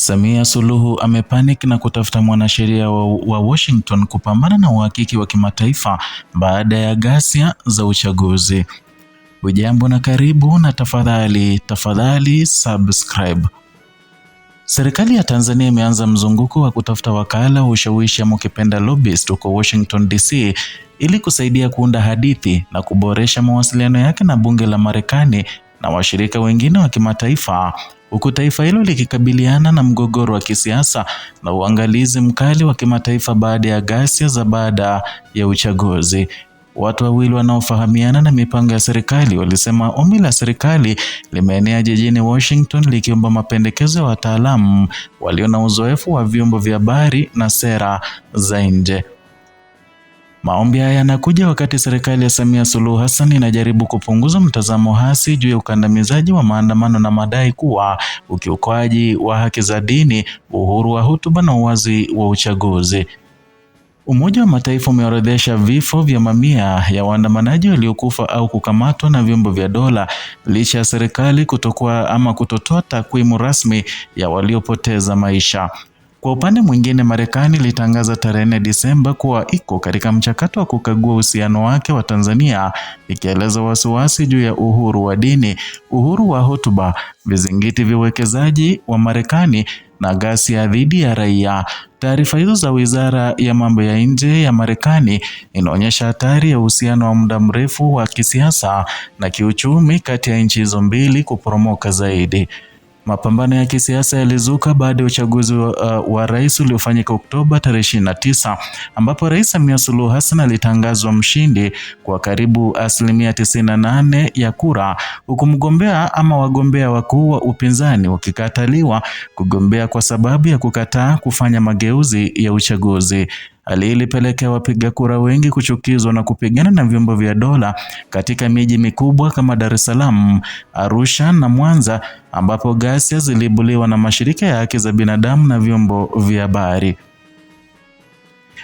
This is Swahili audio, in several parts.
Samia Suluhu amepanic na kutafuta mwanasheria wa, wa Washington kupambana na uhakiki wa kimataifa baada ya ghasia za uchaguzi. Ujambo na karibu na tafadhali tafadhali subscribe. Serikali ya Tanzania imeanza mzunguko wa kutafuta wakala wa ushawishi ama ukipenda lobbyist huko Washington DC ili kusaidia kuunda hadithi na kuboresha mawasiliano yake na bunge la Marekani na washirika wengine wa kimataifa huku taifa hilo likikabiliana na mgogoro wa kisiasa na uangalizi mkali wa kimataifa baada ya ghasia za baada ya uchaguzi. Watu wawili wanaofahamiana na mipango ya serikali walisema ombi la serikali limeenea jijini Washington likiomba mapendekezo ya wataalamu walio na uzoefu wa vyombo vya habari na sera za nje. Maombi haya yanakuja wakati serikali ya Samia Suluhu Hassan inajaribu kupunguza mtazamo hasi juu ya ukandamizaji wa maandamano na madai kuwa ukiukwaji wa haki za dini, uhuru wa hotuba na uwazi wa uchaguzi. Umoja wa Mataifa umeorodhesha vifo vya mamia ya waandamanaji waliokufa au kukamatwa na vyombo vya dola licha ya serikali kutokuwa ama kutotoa takwimu rasmi ya waliopoteza maisha. Kwa upande mwingine, Marekani ilitangaza tarehe 4 Disemba kuwa iko katika mchakato wa kukagua uhusiano wake wa Tanzania, ikieleza wasiwasi juu ya uhuru wa dini, uhuru wa hotuba, vizingiti vya uwekezaji wa Marekani na ghasia dhidi ya raia. Taarifa hizo za Wizara ya Mambo ya Nje ya Marekani inaonyesha hatari ya uhusiano wa muda mrefu wa kisiasa na kiuchumi kati ya nchi hizo mbili kuporomoka zaidi. Mapambano ya kisiasa yalizuka baada ya uchaguzi wa, uh, wa rais uliofanyika Oktoba tarehe 29 ambapo Rais Samia Suluhu Hassan alitangazwa mshindi kwa karibu asilimia nane ya kura, huku mgombea ama wagombea wakuu wa upinzani wakikataliwa kugombea kwa sababu ya kukataa kufanya mageuzi ya uchaguzi lilipelekea wapiga kura wengi kuchukizwa na kupigana na vyombo vya dola katika miji mikubwa kama Dar es Salaam, Arusha na Mwanza ambapo ghasia zilibuliwa na mashirika ya haki za binadamu na vyombo vya habari.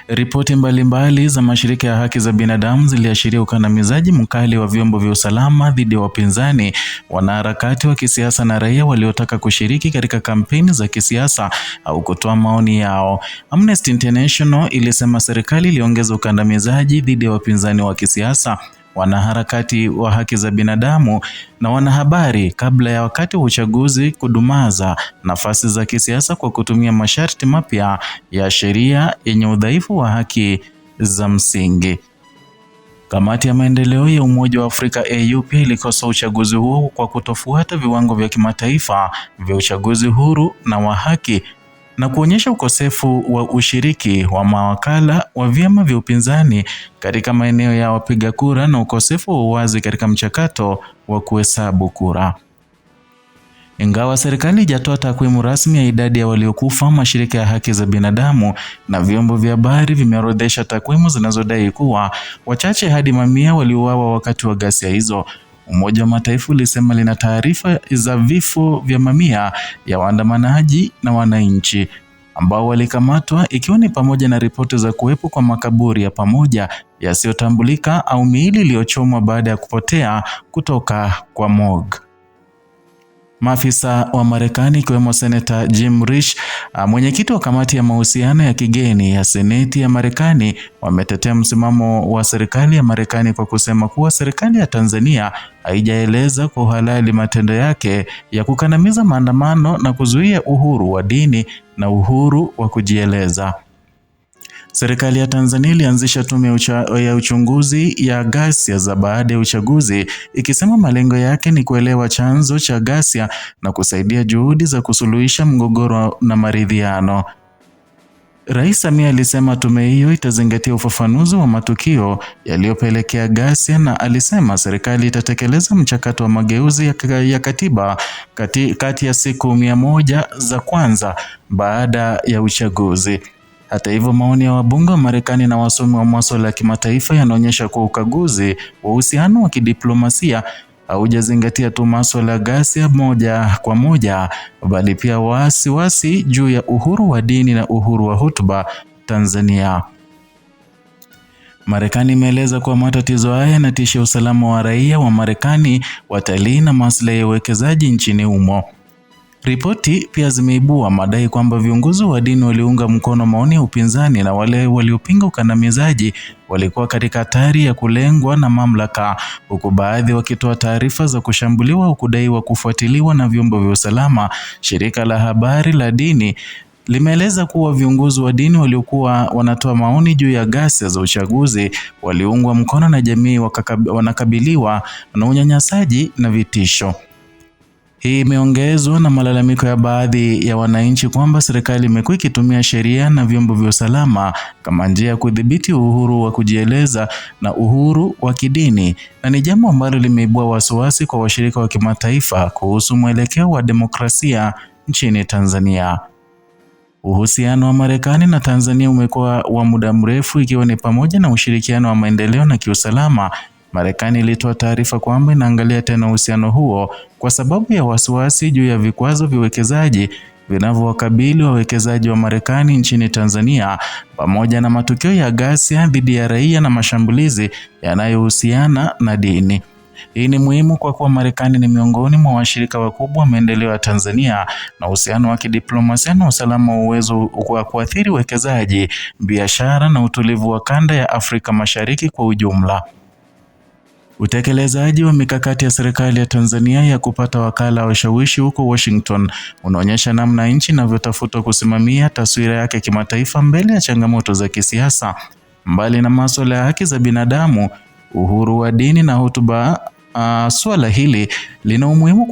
Ripoti mbalimbali za mashirika ya haki za binadamu ziliashiria ukandamizaji mkali wa vyombo vya usalama dhidi ya wapinzani, wanaharakati wa kisiasa na raia waliotaka kushiriki katika kampeni za kisiasa au kutoa maoni yao. Amnesty International ilisema serikali iliongeza ukandamizaji dhidi ya wapinzani wa kisiasa wanaharakati wa haki za binadamu na wanahabari kabla ya wakati wa uchaguzi kudumaza nafasi za kisiasa kwa kutumia masharti mapya ya sheria yenye udhaifu wa haki za msingi. Kamati ya maendeleo ya Umoja wa Afrika AU pia ilikosoa uchaguzi huo kwa kutofuata viwango vya kimataifa vya uchaguzi huru na wa haki na kuonyesha ukosefu wa ushiriki wa mawakala wa vyama vya upinzani katika maeneo ya wapiga kura na ukosefu wa uwazi katika mchakato wa kuhesabu kura. Ingawa serikali ijatoa takwimu rasmi ya idadi ya waliokufa, mashirika ya haki za binadamu na vyombo vya habari vimeorodhesha takwimu zinazodai kuwa wachache hadi mamia waliuawa wakati wa ghasia hizo. Umoja wa Mataifa ulisema lina taarifa za vifo vya mamia ya waandamanaji na wananchi ambao walikamatwa ikiwa ni pamoja na ripoti za kuwepo kwa makaburi ya pamoja yasiyotambulika au miili iliyochomwa baada ya kupotea kutoka kwa morgue. Maafisa wa Marekani ikiwemo Senata Jim Risch, ah, mwenyekiti wa kamati ya mahusiano ya kigeni ya Seneti ya Marekani, wametetea msimamo wa serikali ya Marekani kwa kusema kuwa serikali ya Tanzania haijaeleza kwa uhalali matendo yake ya kukandamiza maandamano na kuzuia uhuru wa dini na uhuru wa kujieleza. Serikali ya Tanzania ilianzisha tume ucha, ya uchunguzi ya ghasia za baada ya uchaguzi ikisema malengo yake ni kuelewa chanzo cha ghasia na kusaidia juhudi za kusuluhisha mgogoro na maridhiano. Rais Samia alisema tume hiyo itazingatia ufafanuzi wa matukio yaliyopelekea ghasia na alisema serikali itatekeleza mchakato wa mageuzi ya katiba kati, kati ya siku mia moja za kwanza baada ya uchaguzi. Hata hivyo, maoni ya wabunge wa Marekani na wasomi wa masuala ya kimataifa yanaonyesha kuwa ukaguzi wa uhusiano wa kidiplomasia haujazingatia tu masuala ya ghasia moja kwa moja, bali pia wasiwasi juu ya uhuru wa dini na uhuru wa hutuba Tanzania. Marekani imeeleza kuwa matatizo haya yanatishia usalama wa raia wa Marekani, watalii na maslahi ya uwekezaji nchini humo. Ripoti pia zimeibua madai kwamba viongozi wa dini waliunga mkono maoni ya upinzani na wale waliopinga ukandamizaji walikuwa katika hatari ya kulengwa na mamlaka, huku baadhi wakitoa taarifa za kushambuliwa au kudaiwa kufuatiliwa na vyombo vya usalama. Shirika la habari la dini limeeleza kuwa viongozi wa dini waliokuwa wanatoa maoni juu ya ghasia za uchaguzi waliungwa mkono na jamii wanakabiliwa na unyanyasaji na vitisho. Hii imeongezwa na malalamiko ya baadhi ya wananchi kwamba serikali imekuwa ikitumia sheria na vyombo vya usalama kama njia ya kudhibiti uhuru wa kujieleza na uhuru wa kidini, na ni jambo ambalo limeibua wasiwasi kwa washirika wa kimataifa kuhusu mwelekeo wa demokrasia nchini Tanzania. Uhusiano wa Marekani na Tanzania umekuwa wa muda mrefu ikiwa ni pamoja na ushirikiano wa maendeleo na kiusalama Marekani ilitoa taarifa kwamba inaangalia tena uhusiano huo kwa sababu ya wasiwasi juu ya vikwazo vya uwekezaji vinavyowakabili wawekezaji wa Marekani nchini Tanzania pamoja na matukio ya ghasia dhidi ya raia na mashambulizi yanayohusiana na dini. Hii ni muhimu kwa kuwa Marekani ni miongoni mwa washirika wakubwa wa maendeleo ya Tanzania na uhusiano wa kidiplomasia na usalama wa uwezo wa kuathiri uwekezaji, biashara na utulivu wa kanda ya Afrika Mashariki kwa ujumla. Utekelezaji wa mikakati ya serikali ya Tanzania ya kupata wakala wa ushawishi huko Washington unaonyesha namna nchi inavyotafuta kusimamia taswira yake kimataifa mbele ya changamoto za kisiasa. Mbali na masuala ya haki za binadamu, uhuru wa dini na hotuba Uh, ah, suala hili lina umuhimu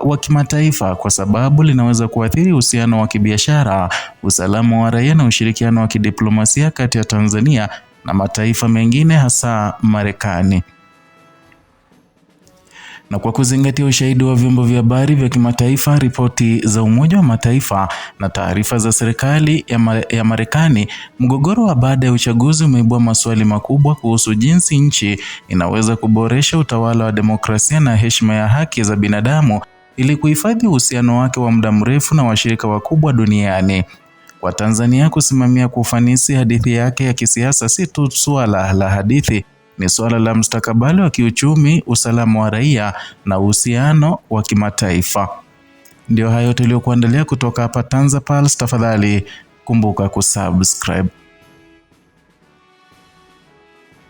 wa kimataifa kwa sababu linaweza kuathiri uhusiano wa kibiashara, usalama wa raia na ushirikiano wa kidiplomasia kati ya Tanzania na mataifa mengine hasa Marekani na kwa kuzingatia ushahidi wa vyombo vya habari vya kimataifa, ripoti za Umoja wa Mataifa na taarifa za serikali ya, ma ya Marekani, mgogoro wa baada ya uchaguzi umeibua maswali makubwa kuhusu jinsi nchi inaweza kuboresha utawala wa demokrasia na heshima ya haki za binadamu ili kuhifadhi uhusiano wake wa muda mrefu na washirika wakubwa duniani. Kwa Tanzania kusimamia kwa ufanisi hadithi yake ya kisiasa si tu suala la hadithi ni suala la mstakabali wa kiuchumi, usalama wa raia na uhusiano wa kimataifa. Ndio hayo tuliyokuandalia kutoka hapa TanzaPulse. Tafadhali kumbuka kusubscribe.